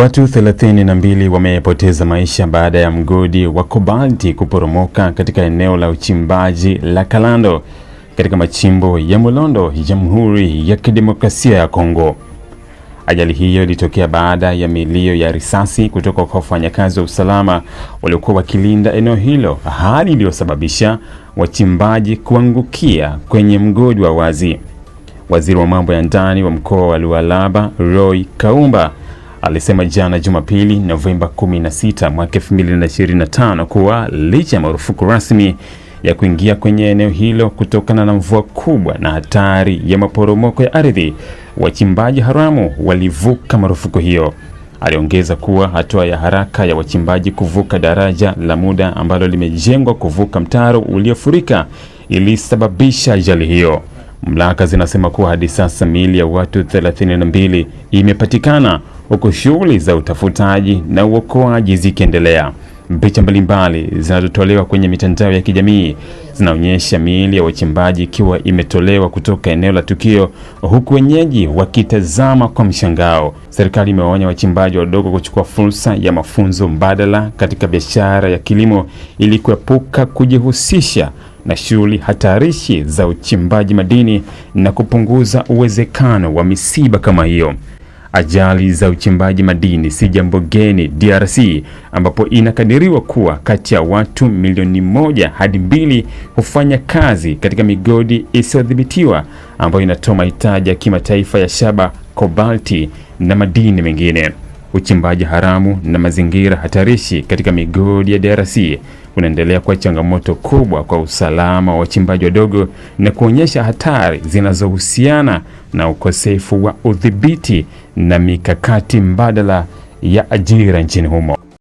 Watu 32 wamepoteza maisha baada ya mgodi wa kobalti kuporomoka katika eneo la uchimbaji la Kalando katika machimbo ya Mulondo, Jamhuri ya Kidemokrasia ya Kongo. Ajali hiyo ilitokea baada ya milio ya risasi kutoka kwa wafanyakazi wa usalama waliokuwa wakilinda eneo hilo, hali iliyosababisha wachimbaji kuangukia kwenye mgodi wa wazi. Waziri wa mambo ya ndani wa mkoa wa Lualaba, Roy Kaumba alisema jana Jumapili, Novemba 16 mwaka 2025 kuwa licha ya marufuku rasmi ya kuingia kwenye eneo hilo kutokana na mvua kubwa na hatari ya maporomoko ya ardhi, wachimbaji haramu walivuka marufuku hiyo. Aliongeza kuwa hatua ya haraka ya wachimbaji kuvuka daraja la muda ambalo limejengwa kuvuka mtaro uliofurika ilisababisha ajali hiyo. Mamlaka zinasema kuwa hadi sasa miili ya watu 32 imepatikana huku shughuli za utafutaji na uokoaji zikiendelea. Picha mbalimbali zinazotolewa kwenye mitandao ya kijamii zinaonyesha miili ya wachimbaji ikiwa imetolewa kutoka eneo la tukio, huku wenyeji wakitazama kwa mshangao. Serikali imewaonya wachimbaji wadogo kuchukua fursa ya mafunzo mbadala katika biashara ya kilimo ili kuepuka kujihusisha na shughuli hatarishi za uchimbaji madini na kupunguza uwezekano wa misiba kama hiyo. Ajali za uchimbaji madini si jambo geni DRC, ambapo inakadiriwa kuwa kati ya watu milioni moja hadi mbili hufanya kazi katika migodi isiyodhibitiwa ambayo inatoa mahitaji ya kimataifa ya shaba, kobalti na madini mengine uchimbaji haramu na mazingira hatarishi katika migodi ya DRC unaendelea kuwa changamoto kubwa kwa usalama wa wachimbaji wadogo na kuonyesha hatari zinazohusiana na ukosefu wa udhibiti na mikakati mbadala ya ajira nchini humo.